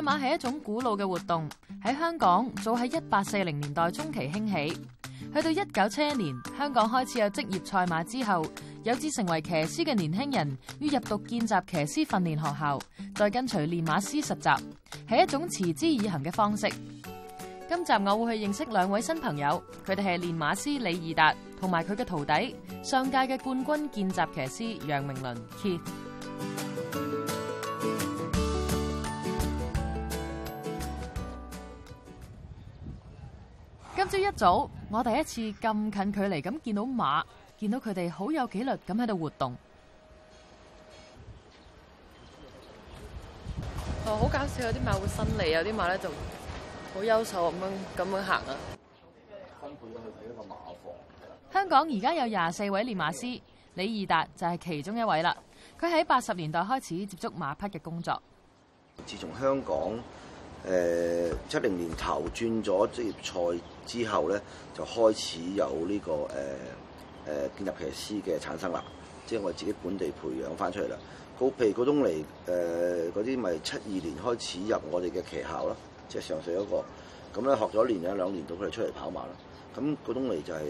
賽馬係一種古老嘅活動，喺香港早喺一八四零年代中期興起。去到一九七一年，香港開始有職業賽馬之後，有志成為騎師嘅年輕人於入讀見習騎師訓練學校，再跟隨練馬師實習，係一種持之以恆嘅方式。今集我會去認識兩位新朋友，佢哋係練馬師李易達同埋佢嘅徒弟，上屆嘅冠軍見習騎師楊明綸。Keith 朝一早，我第一次咁近距離咁見到馬，見到佢哋好有紀律咁喺度活動。哦，好搞笑，有啲馬會伸脷，有啲馬咧就好優秀咁樣咁樣行啊！香港而家有廿四位練馬師，李易達就係其中一位啦。佢喺八十年代開始接觸馬匹嘅工作。自從香港誒、呃、七零年頭轉咗職業賽之後咧，就開始有呢、這個誒誒見習騎師嘅產生啦。即係我哋自己本地培養翻出嚟啦。咁譬如告東尼嗰啲咪七二年開始入我哋嘅騎校啦，即係上水嗰、那個。咁咧學咗一年兩年到佢哋出嚟跑馬啦。咁告東尼就係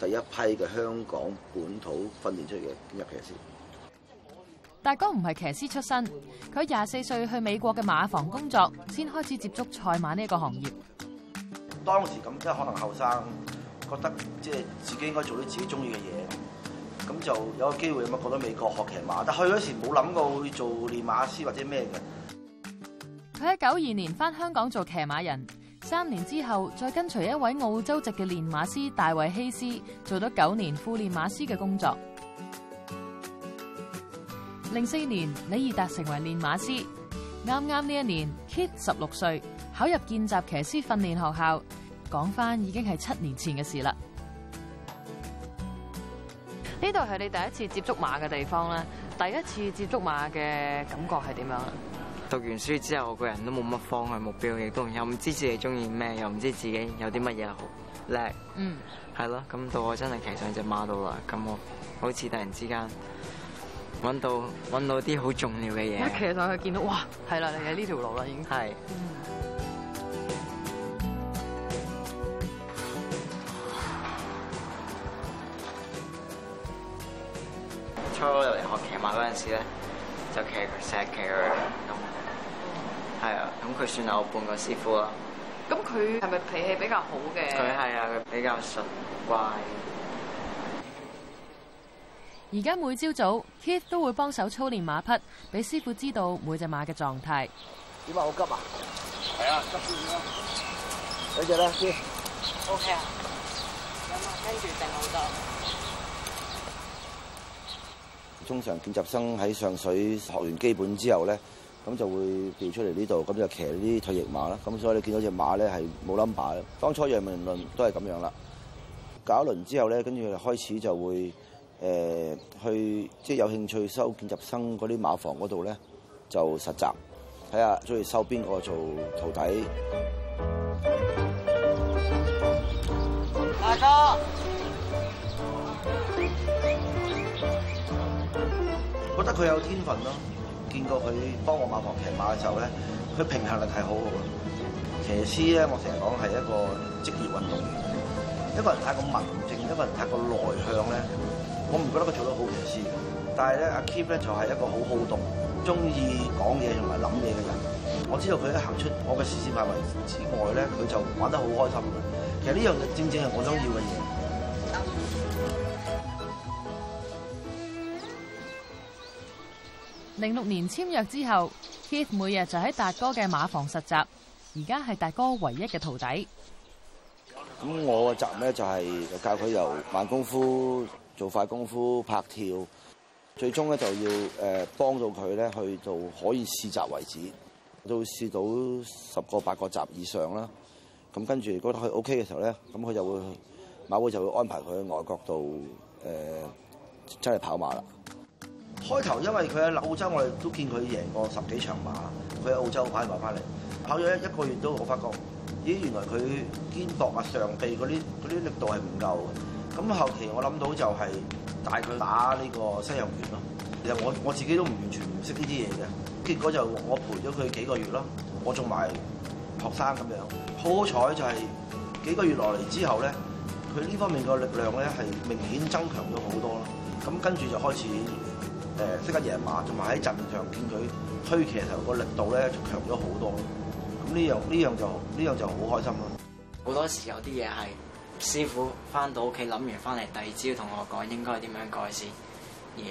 第一批嘅香港本土訓練出嚟嘅見習騎師。大哥唔係騎師出身，佢廿四歲去美國嘅馬房工作，先開始接觸賽馬呢一個行業。當時咁即係可能後生覺得即係自己應該做啲自己中意嘅嘢，咁就有個機會咁樣去到美國學騎馬，但去嗰時冇諗過會做練馬師或者咩嘅。佢喺九二年翻香港做騎馬人，三年之後再跟隨一位澳洲籍嘅練馬師大衛希斯做咗九年副練馬師嘅工作。零四年，李易達成為練馬師。啱啱呢一年，Keith 十六歲考入見習騎師訓練學校。講翻已經係七年前嘅事啦。呢度係你第一次接觸馬嘅地方咧。第一次接觸馬嘅感覺係點樣啊？讀完書之後，我個人都冇乜方向目標，亦都又唔知道自己中意咩，又唔知道自己有啲乜嘢好叻。嗯，係咯。咁到我真係騎上隻馬都啦。咁我好似突然之間。揾到揾到啲好重要嘅嘢。一企上去見到，哇，係啦，你喺呢條路啦，已經。係、嗯。初入嚟學騎馬嗰陣時咧，就騎佢，成日騎佢，咁係啊，咁佢算係我半個師傅啦。咁佢係咪脾氣比較好嘅？佢係啊，佢比較純乖。而家每朝早 Keith 都會幫手操練馬匹，俾師傅知道每隻馬嘅狀態。點解好急啊？係啊，急先啦，嚟就啦，先。O K 啊，等馬跟住等好咗。通常見習生喺上水學完基本之後咧，咁就會調出嚟呢度，咁就騎呢啲退役馬啦。咁所以你見到隻馬咧係冇 number 嘅，當初楊明綸都係咁樣啦。搞一輪之後咧，跟住佢哋開始就會。誒，去即係有興趣收見習生嗰啲馬房嗰度咧，就實習睇下，鍾意收邊個做徒弟。阿哥，覺得佢有天分咯。見過佢幫我馬房騎馬嘅時候咧，佢平衡力係好好喎。騎師咧，我成日講係一個職業運動員，一個人太過文靜，一個人太過內向咧。我唔覺得佢做得好傑斯，但係咧，阿 Keith 咧就係一個好好動、鍾意講嘢同埋諗嘢嘅人。我知道佢一行出我嘅視線範圍之外咧，佢就玩得好開心嘅。其實呢樣嘢正正係我想要嘅嘢。零六年簽約之後，Keith 每日就喺達哥嘅馬房實習，而家係達哥唯一嘅徒弟。咁我個習咧就係教佢由晚功夫。做快功夫拍跳，最終咧就要誒幫、呃、到佢咧去到可以試集為止，都試到十個八個集以上啦。咁跟住覺得佢 OK 嘅時候咧，咁佢就會馬會就會安排佢去外國度誒真係跑馬啦。開頭因為佢喺澳洲，我哋都見佢贏過十幾場馬。佢喺澳洲跑完馬翻嚟，跑咗一一個月都，我發覺咦原來佢肩膊啊、上臂嗰啲啲力度係唔夠嘅。咁後期我諗到就係帶佢打呢個西洋拳咯。其實我我自己都唔完全唔識呢啲嘢嘅，結果就我陪咗佢幾個月咯。我做埋學生咁樣，好彩就係幾個月落嚟之後咧，佢呢方面嘅力量咧係明顯增強咗好多咯。咁跟住就開始誒識得贏馬，同埋喺陣場見佢推騎頭個力度咧強咗好多。咁呢樣呢樣就呢樣就好開心咯。好多時候有啲嘢係～師傅翻到屋企諗完翻嚟，第二朝同我講應該點樣改善。而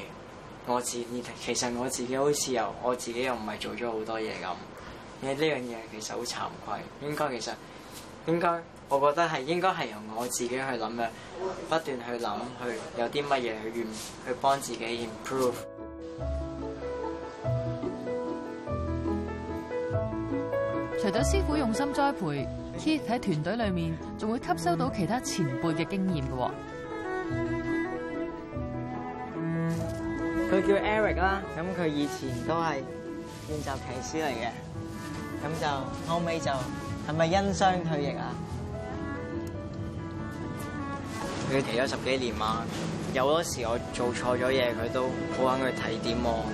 我自己其實我自己好似又，我自己又唔係做咗好多嘢咁，而呢樣嘢其實好慚愧，應該其實應該，我覺得係應該係由我自己去諗嘅，不斷去諗去有啲乜嘢去完去幫自己 improve。除咗師傅用心栽培。Keith 喺團隊裏面仲會吸收到其他前輩嘅經驗嘅。佢叫 Eric 啦，咁佢以前都係練習騎師嚟嘅，咁就後尾就係咪因傷退役啊？佢騎咗十幾年啊，有好多時候我做錯咗嘢，佢都好肯去睇點我。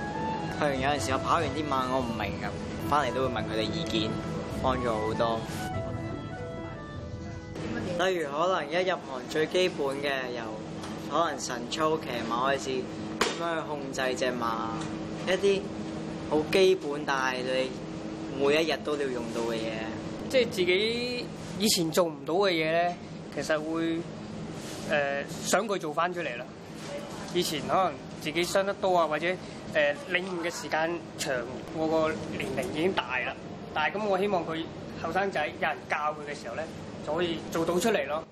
譬如有陣時候我跑完啲馬我唔明啊，翻嚟都會問佢哋意見，幫咗好多。例如可能一入行最基本嘅，由可能晨操騎馬開始，咁樣去控制隻馬，一啲好基本但係你每一日都要用到嘅嘢。即係自己以前做唔到嘅嘢咧，其實會誒、呃、想佢做翻出嚟啦。以前可能自己傷得多啊，或者誒、呃、領悟嘅時間長，我個年齡已經大啦。但係咁我希望佢後生仔有人教佢嘅時候咧。就可以做到出嚟咯。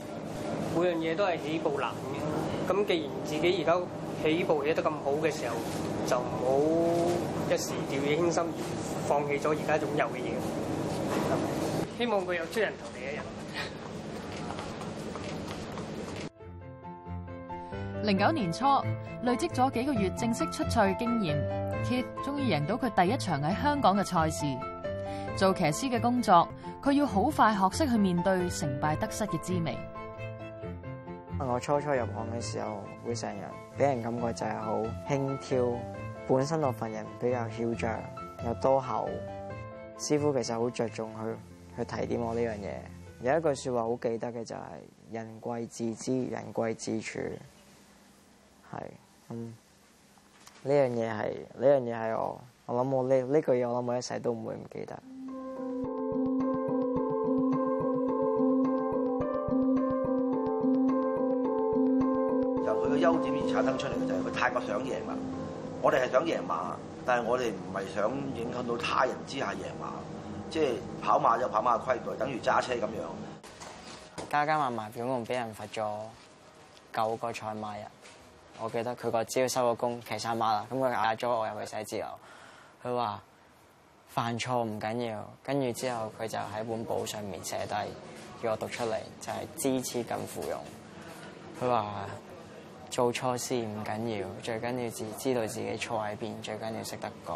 每樣嘢都係起步難嘅，咁既然自己而家起步起得咁好嘅時候，就唔好一時掉以輕心而放棄咗而家擁有嘅嘢，嗯。希望佢有出人頭地嘅人。零九年初，累積咗幾個月正式出賽經驗，Keith 終於贏到佢第一場喺香港嘅賽事。做騎師嘅工作，佢要好快學識去面對成敗得失嘅滋味。我初初入行嘅時候，會成日俾人感覺就係好輕佻。本身我份人比較囂張，又多口。師傅其實好着重去去提點我呢樣嘢。有一句說話好記得嘅就係：人貴自知，人貴自處。係，嗯，呢樣嘢係呢樣嘢係我，我諗我呢呢句嘢我諗我一世都唔會唔記得。啲啲產生出嚟嘅就係佢太過想贏啦。我哋係想贏馬，但係我哋唔係想影響到他人之下贏馬。即係跑馬就跑馬嘅規矩，等於揸車咁樣。家家萬萬總共俾人罰咗九個賽馬日，我記得佢個朝收個工騎三馬啦。咁佢嗌咗我入去寫字樓，佢話犯錯唔緊要。跟住之後佢就喺本簿上面寫低，叫我讀出嚟就係知恥近乎勇。佢話。做錯事唔緊要，最緊要自知道自己錯喺邊，最緊要識得改。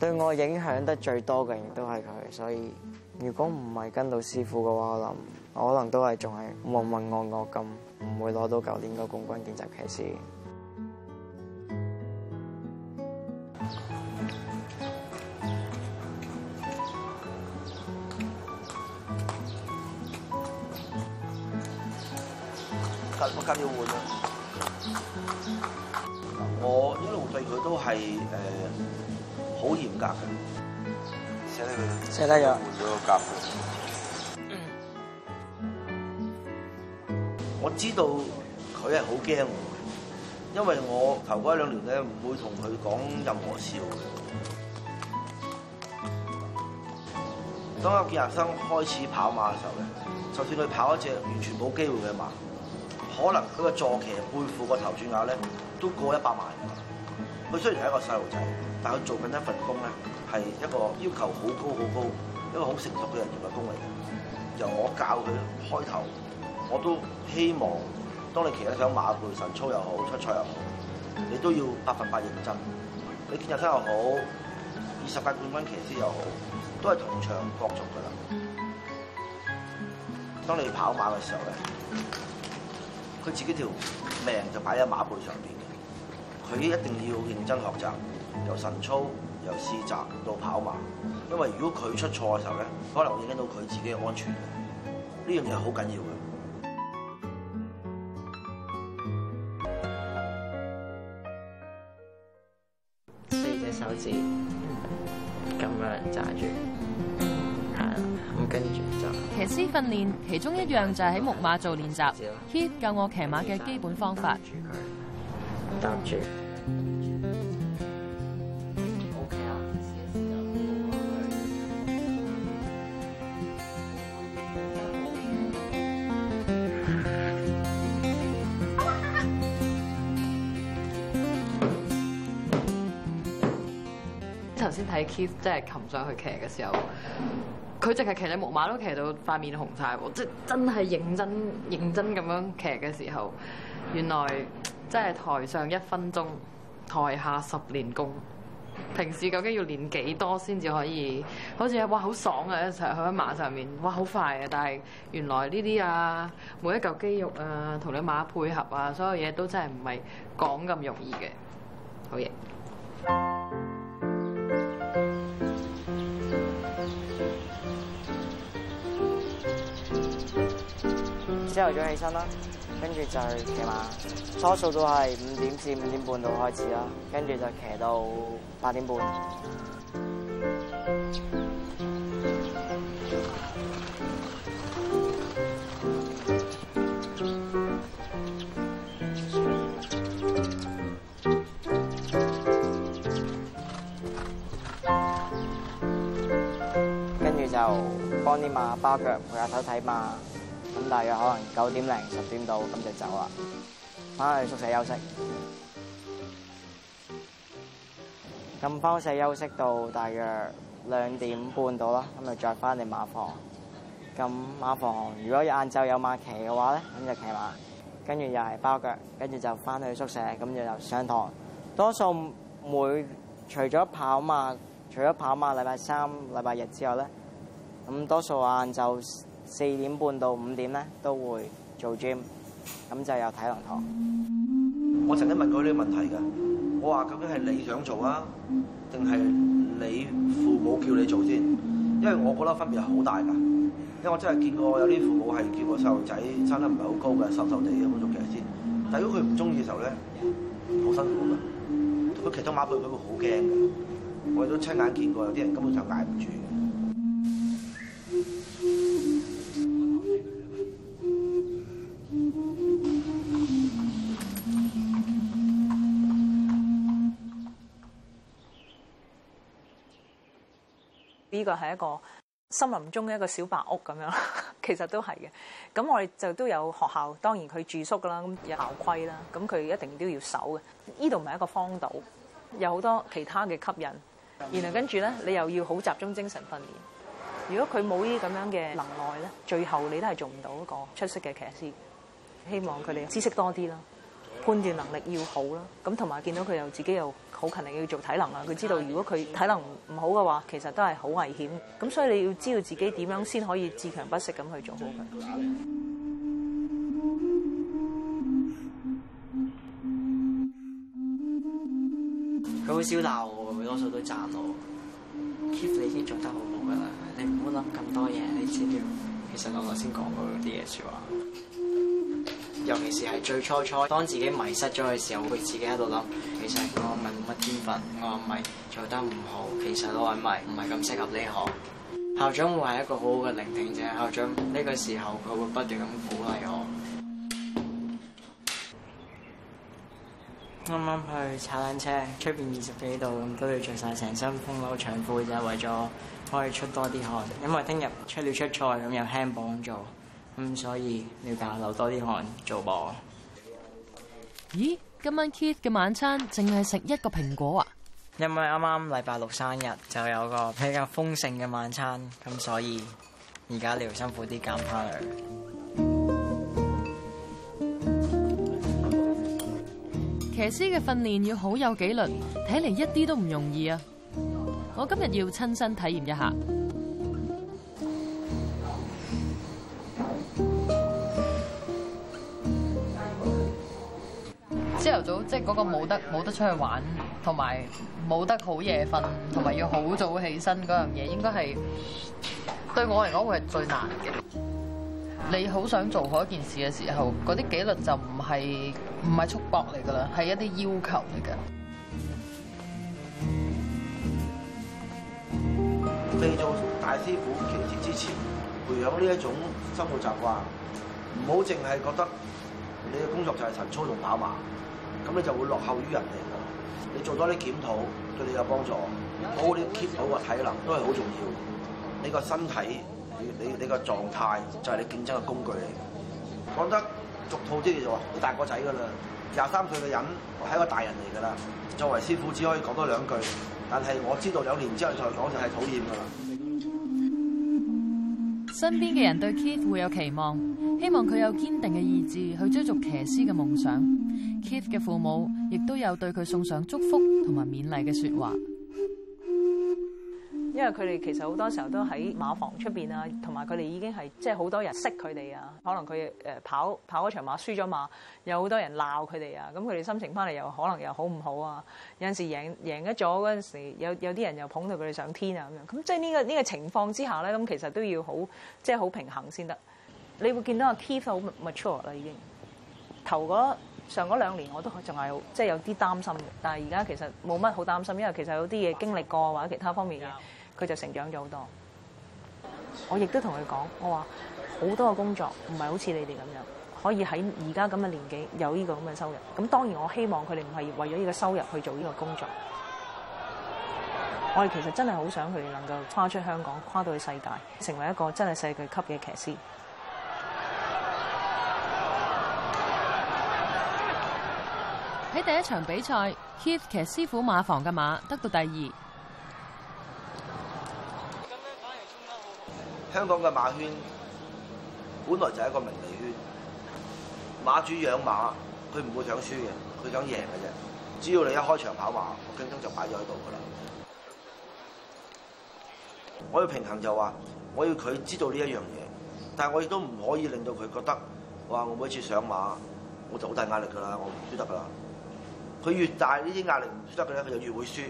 對我影響得最多嘅亦都係佢，所以如果唔係跟到師傅嘅話，我諗我可能都係仲係渾渾噩噩咁，唔會攞到舊年個冠軍見習騎師。我一路對佢都係好嚴格嘅，我知道佢係好驚我，因為我頭嗰一兩年咧唔會同佢講任何笑。當有見習生開始跑馬嘅時候咧，就算佢跑一隻完全冇機會嘅馬。可能佢個坐騎背負個投注額咧都過了一百萬。佢雖然係一個細路仔，但係佢做緊一份工咧係一個要求好高好高，一個好成熟嘅人做嘅工嚟。由我教佢開頭，我都希望當你騎一匹馬背晨操又好，出賽又好，你都要百分百認真。你見習又好，二十屆冠軍騎師又好，都係同場角逐㗎啦。當你跑馬嘅時候咧。佢自己條命就擺喺馬背上邊嘅，佢一定要認真學習，由晨操、由試閘到跑馬，因為如果佢出錯嘅時候咧，可能會影響到佢自己嘅安全，嘅呢樣嘢好緊要。練，其中一樣就係喺木馬做練習。Keith 教我騎馬嘅基本方法。等住。頭先睇 Keith 真係擒上去騎嘅時候。佢淨係騎你木馬都騎到塊面紅晒喎！即係真係認真認真咁樣騎嘅時候，原來真係台上一分鐘，台下十年功。平時究竟要練幾多先至可以？好似哇好爽啊！一齊去喺馬上面，哇好快啊！但係原來呢啲啊，每一嚿肌肉啊，同你馬配合啊，所有嘢都真係唔係講咁容易嘅。好嘢！朝頭早起身啦，跟住就去騎馬，多數都係五點至五點半度開始啦，跟住就騎到八點半，跟住就幫啲馬包腳，陪下手睇馬。咁大約可能九點零十點到，咁就走啦，翻去宿舍休息。咁翻宿舍休息到大約兩點半到啦，咁就再翻嚟馬房。咁馬房如果晏晝有馬騎嘅話咧，咁就騎馬，跟住又係包腳，跟住就翻去宿舍，咁就上堂。多數每除咗跑馬，除咗跑馬禮拜三、禮拜日之後咧，咁多數晏晝，四點半到五點咧，都會做 gym，咁就有體能堂。我曾經問過呢個問題㗎，我話究竟係你想做啊，定係你父母叫你做先？因為我覺得分別係好大㗎。因為我真係見過有啲父母係叫個細路仔生得唔係好高㗎，瘦瘦地咁做騎術先。但如果佢唔中意嘅時候咧，好辛苦㗎。如果騎到馬背佢會好驚，我哋都親眼見過有啲人根本上捱唔住。呢個係一個森林中嘅一個小白屋咁樣，其實都係嘅。咁我哋就都有學校，當然佢住宿㗎啦，有校規啦，咁佢一定都要守嘅。呢度唔係一個荒島，有好多其他嘅吸引。然後跟住咧，你又要好集中精神訓練。如果佢冇呢咁樣嘅能耐咧，最後你都係做唔到一個出色嘅騎師。希望佢哋知識多啲啦，判斷能力要好啦，咁同埋見到佢又自己又。好勤力要做體能啦，佢知道如果佢體能唔好嘅話，其實都係好危險。咁所以你要知道自己點樣先可以自強不息咁去做好佢。佢好少鬧我，多數都會讚我。Keith 你已經做得好好㗎啦，你唔好諗咁多嘢。你知唔？ 其實我頭先講過啲嘢説話。 尤其是係最初初，當自己迷失咗嘅時候，會自己喺度諗，其實我唔係冇乜天分，我唔係做得唔好，其實我係咪唔係咁適合呢行。校長會係一個好好嘅聆聽者，校長呢個時候佢會不斷咁鼓勵我。啱啱去踩單車，出邊二十幾度，咁都要着晒成身風褸長褲，就係為咗可以出多啲汗。因為聽日出了出賽咁又輕磅做。咁所以你要教我流多啲汗做搏。咦，今晚 Keith 嘅晚餐淨係食一個蘋果啊？因為啱啱禮拜六生日就有一個比較豐盛嘅晚餐，咁所以而家你要辛苦啲減下量。騎師嘅訓練要好有紀律，睇嚟一啲都唔容易啊！我今日要親身體驗一下。朝頭早即係嗰個冇得冇得出去玩，同埋冇得好夜瞓，同埋要好早起身嗰樣嘢，應該係對我嚟講會係最難嘅。你好想做好一件事嘅時候，嗰啲紀律就唔係唔係束縛嚟噶啦，係一啲要求嚟嘅。未做大師傅，堅持之前，培養呢一種生活習慣，唔好淨係覺得你嘅工作就係晨操同跑馬，咁你就會落後於人哋。你做多啲檢討，對你有幫助。好啲 keep 好個體能，都係好重要。你個身體，你你你個狀態，就係你競爭嘅工具嚟。講得俗套啲就話，你大個仔㗎啦，廿三歲嘅人，係一個大人嚟㗎啦。作為師傅，只可以講多兩句。但係我知道兩年之後再講就係討厭㗎啦。身邊嘅人對 Keith 會有期望，希望佢有堅定嘅意志去追逐騎師嘅夢想。Keith 嘅父母亦都有對佢送上祝福同埋勉勵嘅説話。因為佢哋其實好多時候都喺馬房出邊啊，同埋佢哋已經係即係好多人識佢哋啊。可能佢誒跑跑嗰場馬輸咗馬，有好多人鬧佢哋啊。咁佢哋心情翻嚟又可能又好唔好啊？有陣時贏贏一咗嗰陣時候，有有啲人又捧到佢哋上天啊咁樣。咁即係呢個呢個情況之下咧，咁其實都要好即係好平衡先得。你會見到阿 Keith 好 mature 啦，已經。頭嗰上嗰兩年我都仲係即係有啲擔心嘅，但係而家其實冇乜好擔心，因為其實有啲嘢經歷過或者其他方面嘅。佢就成長咗好多。我亦都同佢講，我話好多嘅工作唔係好似你哋咁樣，可以喺而家咁嘅年紀有呢個咁嘅收入。咁當然我希望佢哋唔係為咗呢個收入去做呢個工作。我哋其實真係好想佢哋能夠跨出香港，跨到去世界，成為一個真係世界級嘅騎師。喺第一場比賽，Keith 騎師傅馬房嘅馬得到第二。香港嘅馬圈本來就係一個名利圈，馬主養馬佢唔會想輸嘅，佢想贏嘅啫。只要你一開場跑馬，我競爭就擺咗喺度噶啦。我要平衡就話，我要佢知道呢一樣嘢，但係我亦都唔可以令到佢覺得，哇！我每次上馬，我就好大壓力噶啦，我唔輸得噶啦。佢越大呢啲壓力唔輸得嘅咧，佢就越會輸。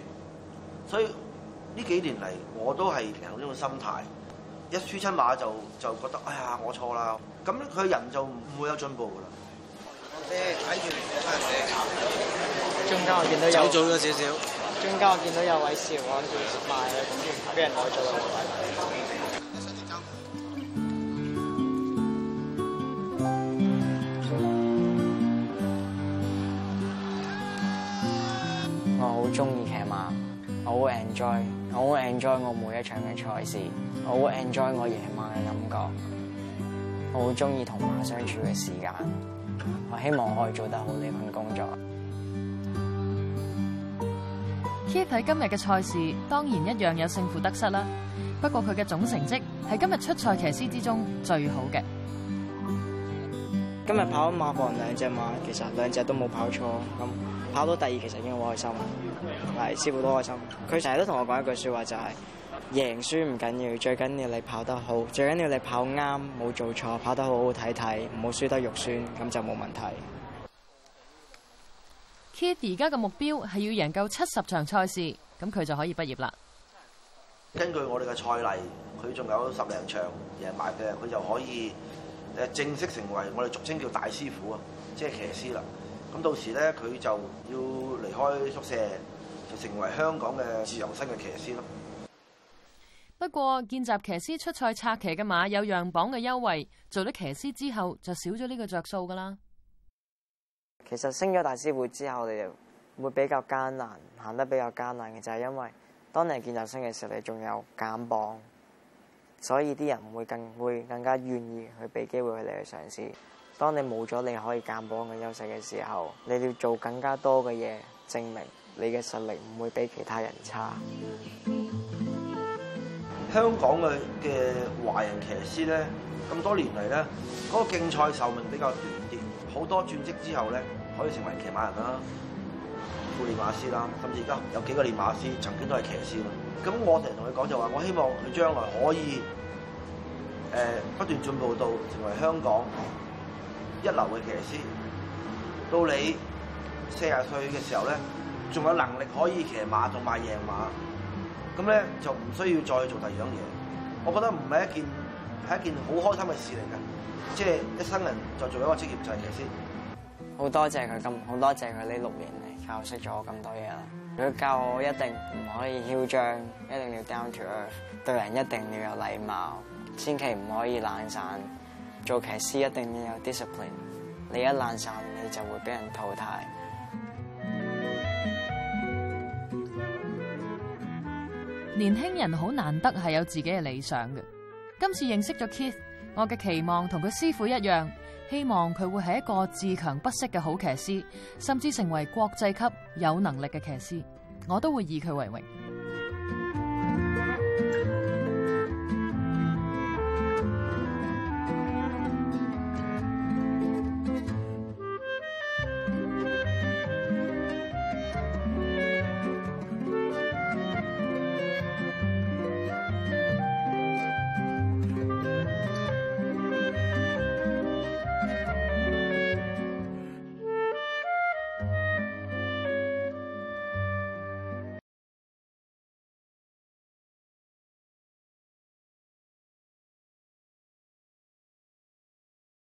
所以呢幾年嚟，我都係平衡呢種心態。一輸親馬就就覺得，哎呀，我錯啦，咁咧佢人就唔會有進步噶啦。有做咗少少。中間我見到，到，到有位少，我仲賣嘅，咁就俾人攞咗兩塊。我好中意騎馬，我好 enjoy。我好 enjoy 我每一場嘅賽事，我好 enjoy 我夜晚嘅感覺，我好中意同馬相處嘅時間，我希望我可以做得好呢份工作。Keith 喺今日嘅賽事當然一樣有勝負得失啦，不過佢嘅總成績係今日出賽騎師之中最好嘅。今日跑咗馬房兩隻馬，其實兩隻都冇跑錯，咁跑到第二其實已經好開心啦。係師傅好開心，佢成日都同我講一句説話，就係贏輸唔緊要，最緊要你跑得好，最緊要你跑啱，冇做錯，跑得好好睇睇，唔好輸得肉酸，咁就冇問題。Keith 而家嘅目標係要贏夠七十場賽事，咁佢就可以畢業啦。根據我哋嘅賽例，佢仲有十零場贏埋嘅，佢就可以誒正式成為我哋俗稱叫大師傅啊，即係騎師啦。咁到時咧，佢就要離開宿舍。成為香港嘅自由身嘅騎師咯。不過，見習騎師出賽策騎嘅馬有讓磅嘅優惠，做咗騎師之後就少咗呢個着數噶啦。其實升咗大師傅之後，你哋會比較艱難，行得比較艱難嘅就係、是、因為當你係見習生嘅時候，你仲有減磅，所以啲人會更會更加願意去俾機會你去嘗試。當你冇咗你可以減磅嘅優勢嘅時候，你要做更加多嘅嘢證明。你嘅實力唔會比其他人差。香港嘅嘅華人騎師咧，咁多年嚟咧，嗰、那個競賽壽命比較短啲，好多轉職之後咧，可以成為騎馬人啦、副練馬師啦，甚至而家有幾個練馬師曾經都係騎師。咁我哋同佢講就話，我希望佢將來可以誒、呃、不斷進步到成為香港一流嘅騎師，到你四廿歲嘅時候咧。仲有能力可以騎馬同埋贏馬，咁咧就唔需要再做第二樣嘢。我覺得唔係一件係一件好開心嘅事嚟噶，即係一生人就做一個職業騎師。好多謝佢咁，好多謝佢呢六年嚟教識咗我咁多嘢啦。佢教我一定唔可以囂張，一定要 down to earth，對人一定要有禮貌，千祈唔可以懶散。做騎師一定要有 discipline，你一懶散你就會俾人淘汰。年輕人好難得係有自己嘅理想嘅。今次認識咗 Keith，我嘅期望同佢師傅一樣，希望佢會係一個自強不息嘅好騎師，甚至成為國際級有能力嘅騎師，我都會以佢為榮。